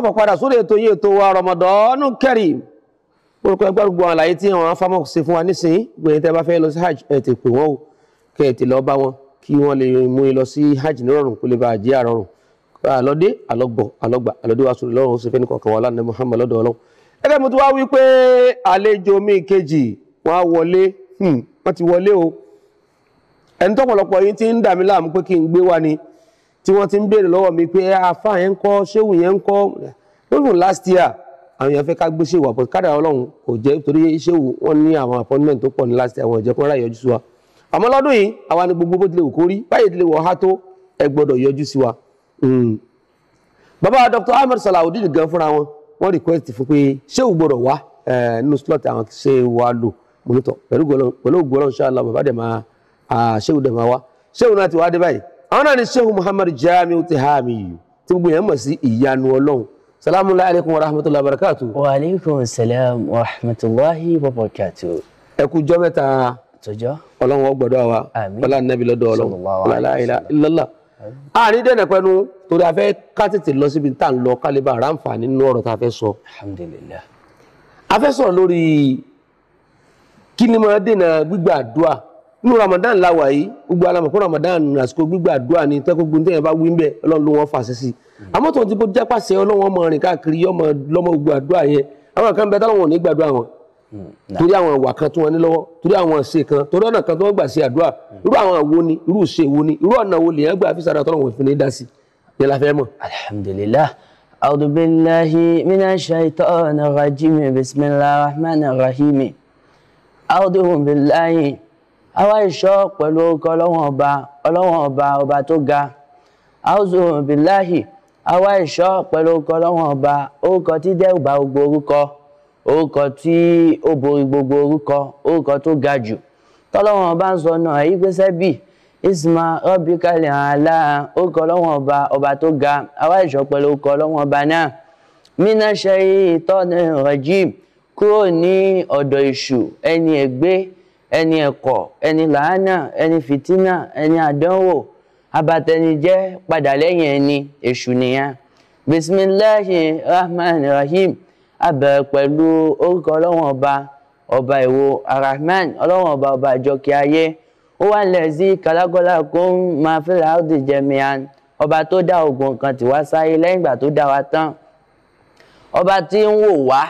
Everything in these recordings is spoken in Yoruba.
káàbọ̀ padà sórí ètò yìí ètò wa Ramadan Kareem orúkọ ẹgbẹ́ gbogbo àwọn àlàyé tí àwọn afámọ́ ṣe fún wa nísìnyí gbẹ̀yìn tẹ́ bá fẹ́ lọ sí hajj ẹ̀ ti pè wọ́n o kẹ́ ẹ̀ ti lọ bá wọn kí wọ́n lè mú yín lọ sí hajj nírọ̀rùn kó lè bá àjẹ́ àrọ̀rùn àlọ́dé àlọ́gbọ̀ àlọ́gbà àlọ́dé wa sọ̀rọ̀ lọ́rùn ó sì fẹ́ nìkan kan wà lánàá Muhammad lọ́dọ̀ ọlọ́run ẹgbẹ́ mo ti wá wí pé àlejò mi kejì wọ́n á wọlé hmm, o ẹni tọ́pọ̀lọpọ̀ yín ti ń dà mí láàmú pé kí n gbé wá tí wọ́n ti ń béèrè lọ́wọ́ mi pé afa ah, yẹn ń kọ́ ṣéwù yẹn ń kọ́ lóògùn last year àwọn èèyàn fẹ́ ká gbé ṣéwù àpò kádà ọlọ́run kò jẹ́ torí ṣéwù wọ́n ní àwọn appointment tó pọ̀ ní last year wọ́n jẹ́ kó rà yọjú sí wa àmọ́ lọ́dún yìí àwa ni gbogbo bó tilẹ̀ wù kó rí báyìí tilẹ̀ wọ̀ ha tó ẹ gbọ́dọ̀ yọjú sí wa. Hmm. bàbá Dr. Ahmed Salawudeen gan fúnra wọn wọ́n request fún pé ṣéwù gbọ́dọ̀ wá nínú slot àwọn ṣé wa lò mọ́nítọ̀ pẹ̀lú ògbọ́n ṣáà lọ bàbá dẹ̀ máa ṣéwù dẹ̀ máa wá ṣéwù náà ti wá dé báyìí àwọn náà ni sheikh muhammad jamiu tihamiyu tí gbogbo yẹn mọ̀ sí ìyanu ọlọ́run salamu alaykum wa rahmatulahi wa barakatu. wa aleykum salam wa rahmatulahi wa barakatu. ẹ kú jọ́ mẹ́ta tọjọ Ọlọ́run ọgbọdọ wa wọlá nàbí lọ́dọ̀ Ọlọ́run wàlá ilà ìlọlá àárín dẹ̀nà pẹ̀lú torí a fẹ́ ká tètè lọ síbi tá à ń lọ kálíbà ráǹfà nínú ọ̀rọ̀ tá a fẹ́ sọ. alhamdulillah. a fẹ́ sọ̀rọ̀ lórí kí ni máa dènà gbígbà àdúrà inú Ramadan la wà yìí gbogbo alamọ̀ fún Ramadan àsìkò gbígbàdúrà ní tẹ́kọ̀ gbogbo bá wí ń bẹ̀ ọlọ́run ló wọ́n fàṣẹ sí i àmọ́ tó ń ti bó jẹ́ pàṣẹ ọlọ́run ọmọ rìn káàkiri ọmọ lọ́mọ gbogbo àdúrà yẹn àwọn kan bẹ táwọn ò ní gbàdúrà wọn hmm, torí àwọn ìwà kan tí wọ́n ní lọ́wọ́ torí àwọn ìṣe kan torí ọ̀nà kan tí wọ́n gbà ṣe àdúrà hmm. irú àwọn wo ni irú ìṣe wo ni irú ọ̀nà wo lèèyàn gbà fi sàrà tọ́lọ̀ wọn àwa ìṣọ́ pẹ̀lú orúkọ ọlọ́wọ́n ọba ọlọ́wọ́n ọba ọba tó ga àwùjọ bíláhì àwa ìṣọ́ pẹ̀lú orúkọ ọlọ́wọ́n ọba orúkọ tí dẹ́rù bà gbogbo orúkọ orúkọ tí ó borí gbogbo orúkọ orúkọ tó ga jù tọ́lọ́wọ́n ọba ń sọ náà èyí pé sẹ́bì isma rọ́bìkàlẹ̀ àlá orúkọ ọlọ́wọ́n ọba ọba tó ga àwa ìṣọ́ pẹ̀lú orúkọ ọlọ́wọ́n ọba náà mínà ṣe ìtọ́ni rajim kúrò ní ọ̀dọ̀ èṣù ẹni ẹ̀kọ́ ẹni làánà ẹni fìtínà ẹni àdánwò abatẹnijẹ padà lẹ́yìn ẹni èṣù nìyẹn bisimilahi rahman rahim abẹ pẹ̀lú orúkọ ọlọ́wọ́n ọba ọba ìwo arahman ọlọ́wọ́n ọba ọba àjọkí ayé ó wà lẹ́sí kàlákọ́lá kó ń máa fi ràádì jẹmìíràn ọba tó dá ogun kan tí wá sáyé lẹ́yìn ìgbà tó dá wa tán ọba tí ń wò wá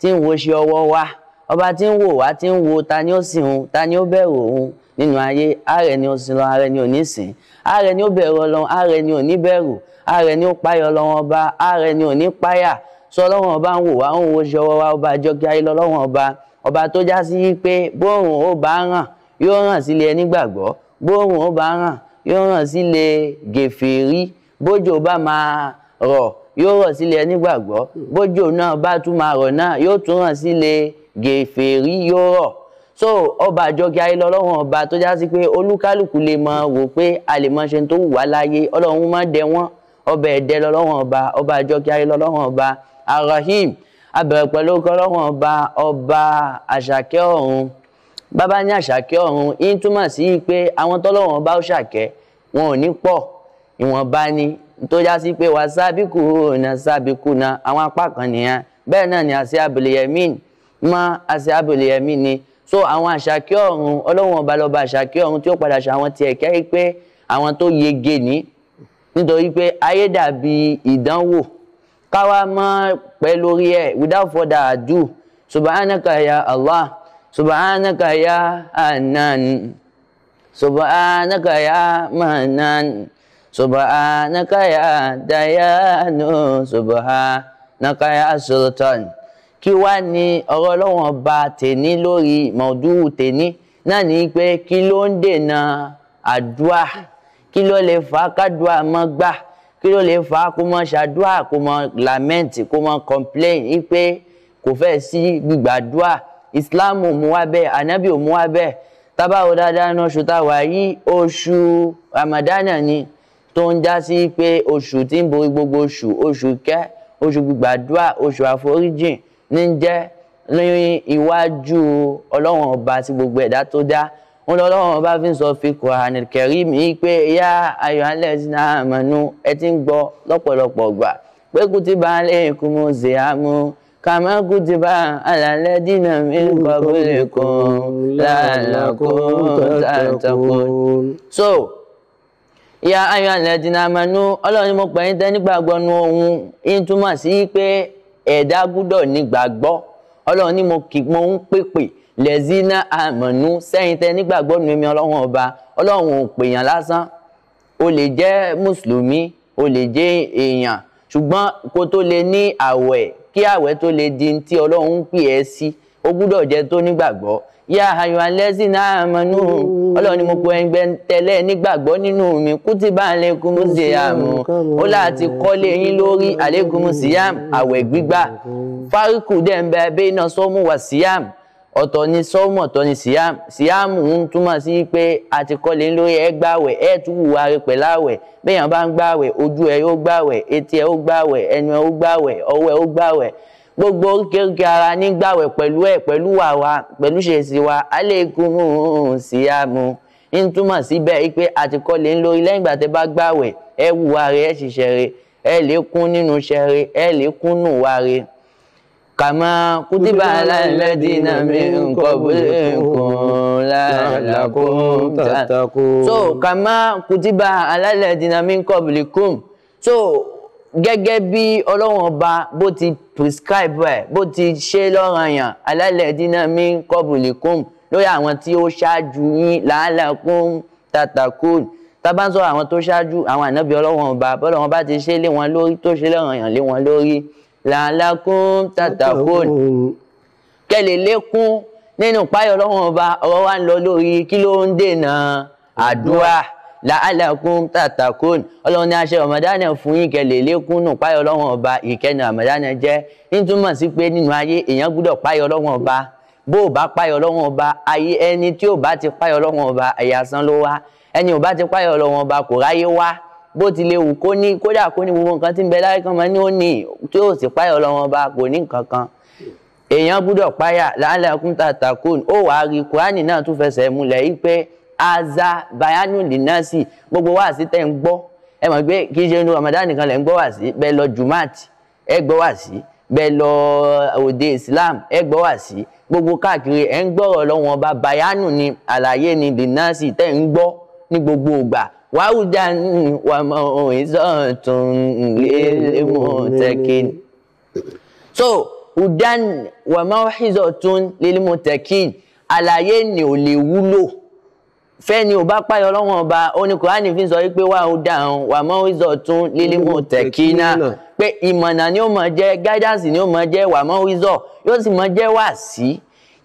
tí ń wo ṣe ọwọ́ wa ọba tí ń wò wá tí ń wo ta ni ó sìn òun ta ni ó bẹ̀rù òun nínú ayé ààrẹ ni ó sìn lọ ààrẹ ni ò ní sìn ààrẹ ni ó bẹ̀rù ọlọ́run ààrẹ ni ò ní bẹ̀rù ààrẹ ni ó páyà ọlọ́run ọba ààrẹ ni ò ní páyà sọ ọlọ́run ọba ń wò wá ń wo ṣe ọwọ́ wa ọba àjọkí ayé lọ́lọ́run ọba ọba tó já sí pé bóòrùn ó bá ràn yóò ràn sílé ẹnígbàgbọ́ bóòrùn ó bá ràn yóò ràn sílé gèfèrí bójò bá máa rọ̀ yóò rọ̀ sílé ẹnígbàgbọ́ bójò náà bá tún máa rọ̀ náà yóò tún ràn sílé gèfèrí yóò rọ̀ so ọba àjọkẹ́ ayé lọ́lọ́run ọba tó já sí pé olúkálùkù lè mọ wò pé a lè mọ ṣe tó wù wá láyé ọlọ́run má dẹ wọ́n ọba ẹ̀dẹ́ lọ́lọ́run ọba ọba àjọkẹ́ ayé lọ́lọ́run ọba arahim abẹ̀rẹ̀ pẹ̀lú kọ́lọ́run ọba ọba àṣàkẹ́ ọ̀run bàbá ní àṣàkẹ́ ọ̀run yín túmọ̀ sí pé àwọn tọ́lọ́run ọba ó ṣàkẹ́ wọn ò ní pọ̀ ìwọ̀nba ni tó já sí pé wàsábìkù náà sábìkù náà àwọn apá kan nìyẹn bẹ́ẹ̀ náà ni àṣẹ abìlẹ̀yẹmíìn mọ́ ashabul yamini so àwọn àṣàkí ọ̀run ọlọ́run ọba lọ́ba àṣàkí ọ̀run tí ó padà ṣe àwọn tiẹ̀ kẹ́ pé àwọn tó yege ní nítorí pé ayé dàbí ìdánwò káwa mọ́ pẹ́ lórí ẹ̀ without further ado subhanaka ya Allah subhanaka ya anan subhanaka ya manan subhanaka ya dayanu subhanaka ya sultan kí wá ní ọ̀rọ̀ ọlọ́wọ́n ọba tèní lórí mọ̀ọ́dúrú tèní náà ní pé kí ló ń dènà àdúà kí ló lè fà á kádùá mọ́ gbà kí ló lè fà á kó mọ́ ṣàdúà kó mọ́ lament kó mọ́ complain wípé kò fẹ́ sí gbígbàdúà Islam ò mú wá bẹ́ẹ̀ anabi ò mú wá bẹ́ẹ̀ tábàwọ̀ dáadáa ní oṣù táwa yìí oṣù Ramadana ni tó ń já sí pé oṣù tí ń borí gbogbo oṣù oṣù kẹ́ oṣù gbígbàdúà oṣù àforíjìn ní jẹ́ ní iwájú ọlọ́run ọba tí gbogbo ẹ̀dá tó dá wọn lọ ọba fi ń sọ fi Qur'an al mi pé yá ayọ̀ alẹ́ sí náà àmọ́nú ẹ ti ń gbọ́ lọ́pọ̀lọpọ̀ gbà pé kutiba alaykumu ziyamu ala alladina min qablikum la'allakum tattaqun. so ayọ̀ alẹ́ àmọ́nú ọlọ́run mo tẹ́ nígbàgbọ́nu ohun ìtumọ̀ sí ẹ̀dá gbúdọ̀ nígbàgbọ́ ọlọ́run ní mo kì mo ń pèpè lẹ́zínà àmọ̀nú sẹ́yìn tẹ nígbàgbọ́ nu èmi ọlọ́run ọba ọlọ́run ò pèèyàn lásán o lè jẹ́ mùsùlùmí o lè jẹ́ èèyàn ṣùgbọ́n kó tó lè ní àwẹ̀ kí àwẹ̀ tó lè di ti ọlọ́run ń pè ẹ́ sí o gbúdọ̀ jẹ́ tó nígbàgbọ́ Ya ayọ̀ alẹ́sìn náà mọ̀nú ọlọ́run ni mo pe ẹgbẹ́ tẹ́lẹ̀ nígbàgbọ́ nínú mi ti bá ń lẹ́kùn mú sí àmù ó láti kọ́lé yín lórí àlékún mú sí àwẹ̀ gbígbà fáríkù ni sọ́mù ọ̀tọ̀ ni ń túmọ̀ sí pé a ti kọ́lé lórí tún wù wá pẹ̀láwẹ̀ bá ń gbàwẹ̀ ojú gbàwẹ̀ etí ó gbàwẹ̀ ẹnu ó gbàwẹ̀ ọwọ́ ó gbogbo oríkèéríkèé ara nígbàwẹ̀ pẹ̀lú ẹ̀ pẹ̀lú wà wa pẹ̀lú ṣèṣì wa aleikum siyamu ń túmọ̀ síbẹ̀ wípé àtikọ́lé ń lórí lẹ́yìn ìgbà tẹ́ bá gbàwẹ̀ ẹ wùwà rẹ ẹ ṣiṣẹ́ rẹ ẹ lè kún nínú iṣẹ́ rẹ ẹ lè kún nù wà rẹ. kàmá kútìbà alladhina min qablikum la'allakum tattaqun. so kàmá kútìbà alladhina min qablikum so gẹ́gẹ́ bí ọlọ́run ọba bó ti prescribe ẹ̀ bó ti ṣe lọ́ranyàn alálẹ̀dínà mi kọ́bùlìkùn lórí àwọn tí ó ṣáájú yín làálàkùn tàtàkùn tábà ń sọ àwọn tó ṣáájú àwọn ànábì ọlọ́run ọba bọ́lọ́run ọba ti ṣe lé wọn lórí tó ṣe lọ́ranyàn lé wọn lórí làálàkùn tàtàkùn kẹlẹ̀ lékún nínú páyọ̀ ọlọ́run ọba ọ̀rọ̀ wa ń lọ lórí kí ló ń dènà àdúrà la'alakum tatakun ọlọ́run ní aṣẹ ramadan fún yín kẹlẹ̀ lékún nù páyọ̀ ọlọ́run ọba ìkẹyìn ramadan jẹ́ nítumọ̀ sí pé nínú ayé èèyàn gbúdọ̀ páyọ̀ ọlọ́run ọba bó o bá páyọ̀ ọlọ́run ọba ayé ẹni tí ò bá ti páyọ̀ ọlọ́run ọba ẹ̀yà san ló wá ẹni ò bá ti páyọ̀ ọlọ́run ọba kò ráyé wá bó ti lè wù kó ní kódà kó ní gbogbo nǹkan tí ń bẹ láyé kan mọ́ ní ó ní tí ó sì páyọ̀ ọlọ́run ọba kò ní nǹkan kan èèyàn gbúdọ̀ páyà la'alakum tatakun ó wàá rí kúránì náà tún fẹsẹ̀ múlẹ̀ yí pé aza bayanu linasi gbogbo wáàsí tẹ́ ń gbọ́ ẹ mọ̀ pé kì í ṣe inú Ramadan nìkan lẹ́ ń gbọ́ wáàsí bẹ́ẹ̀ lọ jumat ẹ gbọ́ wáàsí bẹ́ẹ̀ lọ eh, òde Islam ẹ gbọ́ wáàsí gbogbo káàkiri ẹ ń gbọ́rọ̀ lọ́wọ́n ọba bayanu ni àlàyé ni linasi tẹ́ ń gbọ́ ní gbogbo ògbà wàhùdà ni wà mọ ìsọ̀tún lẹ́lẹ́mọ̀ tẹ́kìn. so hudan wà mọ ìsọ̀tún lẹ́lẹ́mọ̀ tẹ́kìn àlàyé ni ò lè wúlò fẹ́ni ò bá páyọ lọ́wọ́n ọba ó ní kùránì fi sọ wípé wà ó dà án wà mọ́ ìzọ̀ tún lílí mọ̀ tẹ̀kínà pé ìmọ̀nà ni ó mọ̀ jẹ́ guidance ni ó mọ̀ jẹ́ wà mọ́ ìzọ̀ yóò sì mọ̀ jẹ́ wà sí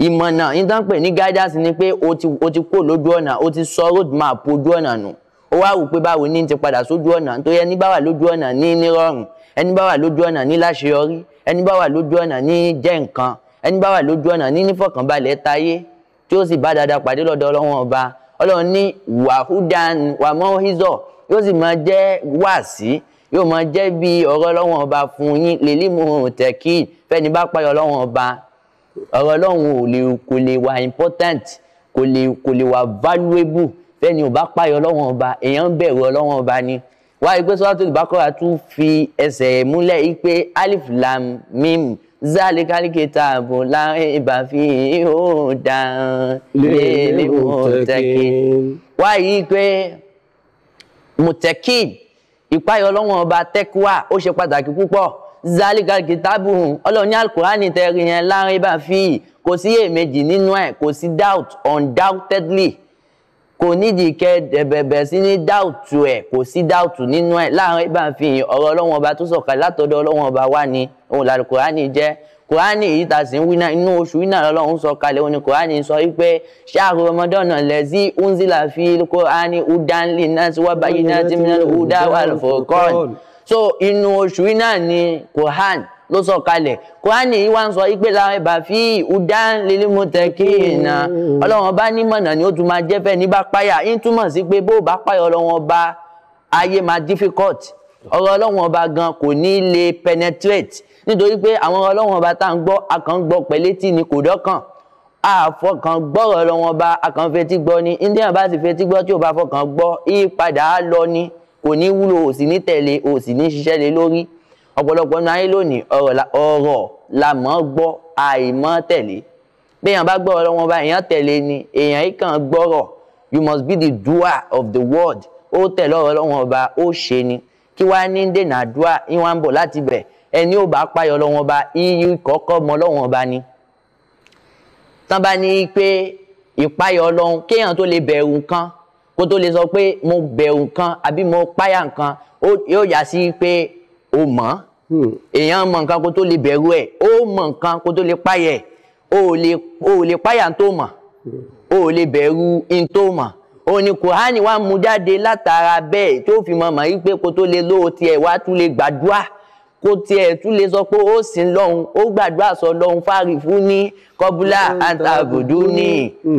ìmọ̀nà ìdánpè ní guidance ni pé o ti o ti kó lójú ọ̀nà o ti sọ road map ojú ọ̀nà nù ó wá wò pé báwo ni ti padà sójú ọ̀nà tó yẹ ẹni bá wà lójú ọ̀nà ní nírọ̀rùn ẹni bá wà lójú ọ̀nà ní láṣeyọrí ẹni bá wà lójú ọ̀nà ní jẹ́ nǹkan ẹni bá wà lójú ọ̀nà ní nífọ̀kànbalẹ̀ táyé tí ó sì bá dáadáa pàdé lọ́dọ̀ ọlọ́wọ́n ọba ọlọ́run ní wàhúdàn wàmọ́hízọ̀ yóò sì máa jẹ́ wáàsí yóò máa jẹ́ bí ọ̀rọ̀ ọlọ́run ọba fún yín lèlí mu tẹ̀kí fẹ́ni bá payọ̀ ọlọ́run ọba ọ̀rọ̀ ọlọ́run kò lè wà important kò lè kò lè wà valuable fẹ́ni ò bá payọ̀ ọlọ́run ọba èèyàn ń bẹ̀rù ọlọ́run ọba ni wá ìgbésọ́wọ́ tó ìbákọ́ra tún fi ẹsẹ̀ múlẹ̀ yìí pé alif lam mim Zali zalikali kitabu la riba fi wa hudan lil muttaqin wáyé pé muttaqin ìpáyọ ọlọ́wọ́n ọba tẹ́kùwà ó ṣe pàtàkì púpọ̀ zalikali kitabu ọlọ́ọ̀ni alukurani tẹ̀rí yẹn la riba fi kò sí èméjì nínú ẹ̀ kò sí doubt undoubtedly kò nídìí kẹ́ dẹ̀bẹ̀bẹ̀ sí ní dáùtù ẹ̀ kò sí dáùtù nínú ẹ̀ láàrin ibà ń fi hàn ọ̀rọ̀ ọlọ́wọ́n ọba tó sọ̀kalẹ̀ látọ̀dọ̀ ọlọ́wọ́n ọba wá ni òun làlù kùránì jẹ́ kùránì yìí tà sí wíná inú oṣù wíná lọ́lọ́run sọ̀kalẹ̀ òun ni kùránì sọ wípé ṣáàrù ramadan lẹ́sí unzila fi kùránì udanli náà ti wá báyìí náà ti mìíràn udáwà fòkọ́ọ̀n so inú oṣù wíná ni kùránì ló sọ kalẹ̀ kúránì yìí wá ń sọ ipe la ẹ̀bà fi ìhùdá lélẹ́ mo tẹ̀ bá nímọ̀nà ni ó tún máa jẹ́ fẹ́ẹ́ ní bá páyà ń túmọ̀ sí pé bó bá páyà ọlọ́run ọba ayé máa difficult ọ̀rọ̀ ọlọ́run ọba gan kò ní lè penetrate nítorí pé àwọn ọlọ́run ọba tá à ń gbọ́ akàn gbọ́ pẹ̀lẹ́tì ni kò dọ́kàn àfọkàn gbọ́rọ̀ ọlọ́run ọba akàn fetí gbọ́ ni indian bá sì fetí gbọ́ tí ò bá fọkàn gbọ́ ìpadà á lọ ni kò ní wúlò òsì ní tẹ̀lé òsì ní ṣiṣẹ́ lé lórí ọ̀pọ̀lọpọ̀ náà ayé lónìí ọ̀rọ̀ la mọ̀ gbọ́ àìmọ̀ tẹ̀lé bí èèyàn bá gbọ́ ọ̀rọ̀ bá èèyàn tẹ̀lé ni èèyàn yìí kàn gbọ́rọ̀ you must be the doer of the word ó tẹ̀lé ọ̀rọ̀ wọn bá ó ṣe ni kí wàá ní dènà àdúrà yín wá ń bọ̀ láti bẹ̀ ẹni ò bá payọ̀ lọ́wọ́n bá iyì kọ́kọ́ mọ́ lọ́wọ́n bá ni tán bá ní pé ìpayọ̀ ọlọ́run kéèyàn tó lè bẹ̀rù nǹkan kó tó lè sọ pé mo bẹ̀rù nǹkan àbí mo páyà nǹkan yóò yà sí pé o mọ̀ ọ́ Hmm. èèyàn mọ nǹkan kó tó lè bẹ̀rù ẹ̀ ó mọ nǹkan kó tó lè páyà ẹ̀ ó ò lè páyà ń tó mọ̀ ó hmm. ò lè bẹ̀rù ń tó mọ̀ òun ni kùránì wa mú jáde látara bẹ́ẹ̀ tó fi mọ̀ mọ̀ wípé kó tó lè lóò tiẹ̀ wá tún lè gbàdúrà kó tiẹ̀ tún lè sọ pé ó sì ń lọ́hùn ó gbàdúrà sọ lọ́hùn fárí ní kọ́búlà àtàbùdú ní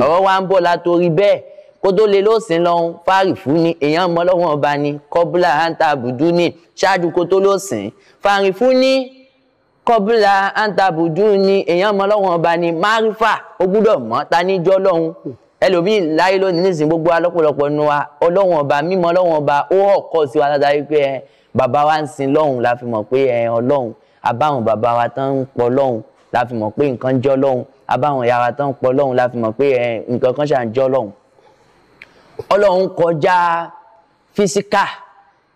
ọ̀rọ̀ wa ń bọ̀ látòrí bẹ́ẹ̀ kó tó lè lóòsìn lọ́hún fáàrì fún ni èèyàn mọ lọ́wọ́n ọba ni kọ́bùlà àǹtà àbùdú ni ṣáájú kó tó lóòsìn fáàrì fún ni kọ́bùlà àǹtà àbùdú ni èèyàn mọ lọ́wọ́n ọba ni márífà ó gbúdọ̀ mọ́ ta níjọ́ lọ́hún ẹlòmíì láyé lónìí nísìnyí gbogbo alọ́pọ̀lọpọ̀ nu wa ọlọ́wọ́n ọba mímọ́ ọlọ́wọ́n ọba ó hàn kọ́ sí wa dáadáa wípé ẹ bàbá wa ń sin lọ́hùn la fi mọ̀ pé ẹ abáwọn bàbá wa tán ń pọ̀ lọ́hùn la fi mọ̀ pé nǹkan jọ́ lọ́hùn abáwọn ìyá wa tán ń pọ̀ lọ́hùn la fi mọ̀ pé nǹkan kan ṣà ń ọlọ́run kọjá físíkà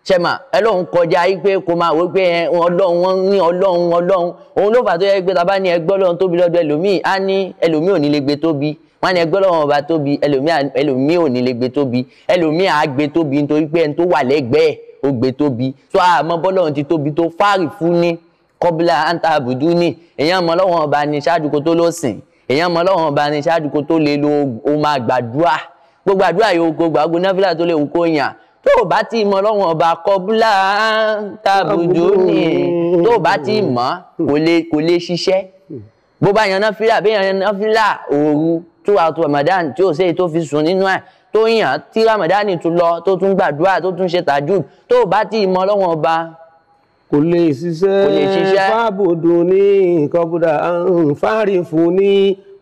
ṣẹ̀mà ẹlọ́run kọjá yí pé kò máa wí pé ọlọ́run wọn ní ọlọ́run ọlọ́run òun ló fà tó yẹ pé tàbá ní ẹgbẹ́ ọlọ́run tóbi lọ́dọ̀ ẹlòmíì á ní ẹlòmíì ò ní lè gbé tóbi wọn ní ẹgbẹ́ ọlọ́run ọba tóbi ẹlòmíì ò ní lè gbé tóbi ẹlòmíì á gbé tóbi nítorí pé ẹni tó wà lẹ́gbẹ̀ẹ́ ó gbé tóbi tó àmọ́ bọ́lọ́run ti tóbi tó fáàrì fún ní kọ́bílà àǹtà àbùdú ní èèyàn mọ́ ọlọ́run ọba ní ṣáájú tó lọ́sìn èèyàn mọ́ ọlọ́run ọba ní ṣáájú tó lè lo ohun àgbàdua gbogbo àdúrà yòókù gbàgbó náfìlà tó lè wù kó yàn tó o bá ti mọ lọ́wọ́n ọba kọbúlà tàbùdù ni tó o bá ti mọ̀ kò lè ṣiṣẹ́ bó bá yan náfìlà bí yan náfìlà òru tó àtò Ramadan tí ò sí èyí tó fi sùn nínú ẹ̀ tó yàn tí Ramadan tún lọ tó tún gbàdúrà tó tún ṣe tàjù tó o bá ti mọ lọ́wọ́n ọba kò lè ṣiṣẹ́ fábùdù ní kọbúlà fárí fún ní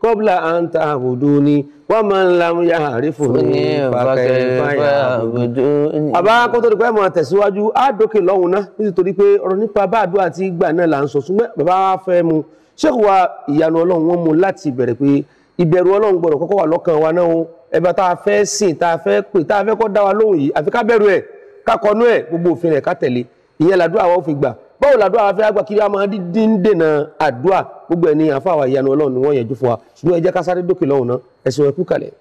kọ́bùlà à ń ta àbùdó ni wọ́n máa ń lamu ya àrífò ní fàkẹ́fà àbùdó. àbá kó tó di pé máa tẹ̀síwájú á dókè lọ́hùn náà nítorí pé ọ̀rọ̀ nípa bá àdúrà tí gbà náà là ń sọ súnmọ́ bàbá wa fẹ́ mu ṣéèkù wa ìyanu ọlọ́run wọn mu láti bẹ̀rẹ̀ pé ìbẹ̀rù ọlọ́run gbọ́dọ̀ kọ́kọ́ wà lọ́kàn wa náà ẹ̀bà tá a fẹ́ sìn tá a fẹ́ pè tá a fẹ́ kọ́ dá wa lóhùn yìí àfi ká bẹ̀rù ẹ̀ gbogbo òfin rẹ̀ ká tẹ̀lé ìyẹn làdúrà wa fi gbà báwo làdúrà wa fẹ́ àgbà kiri àmọ́ dídí ń dènà àdúrà gbogbo ẹ̀ ní ìyanu ọlọ́run ni wọ́n yẹjú fún wa ṣùgbọ́n ẹ jẹ́ ká sáré dókè lọ́hùn náà ẹ̀sùn ẹ̀kú kalẹ̀.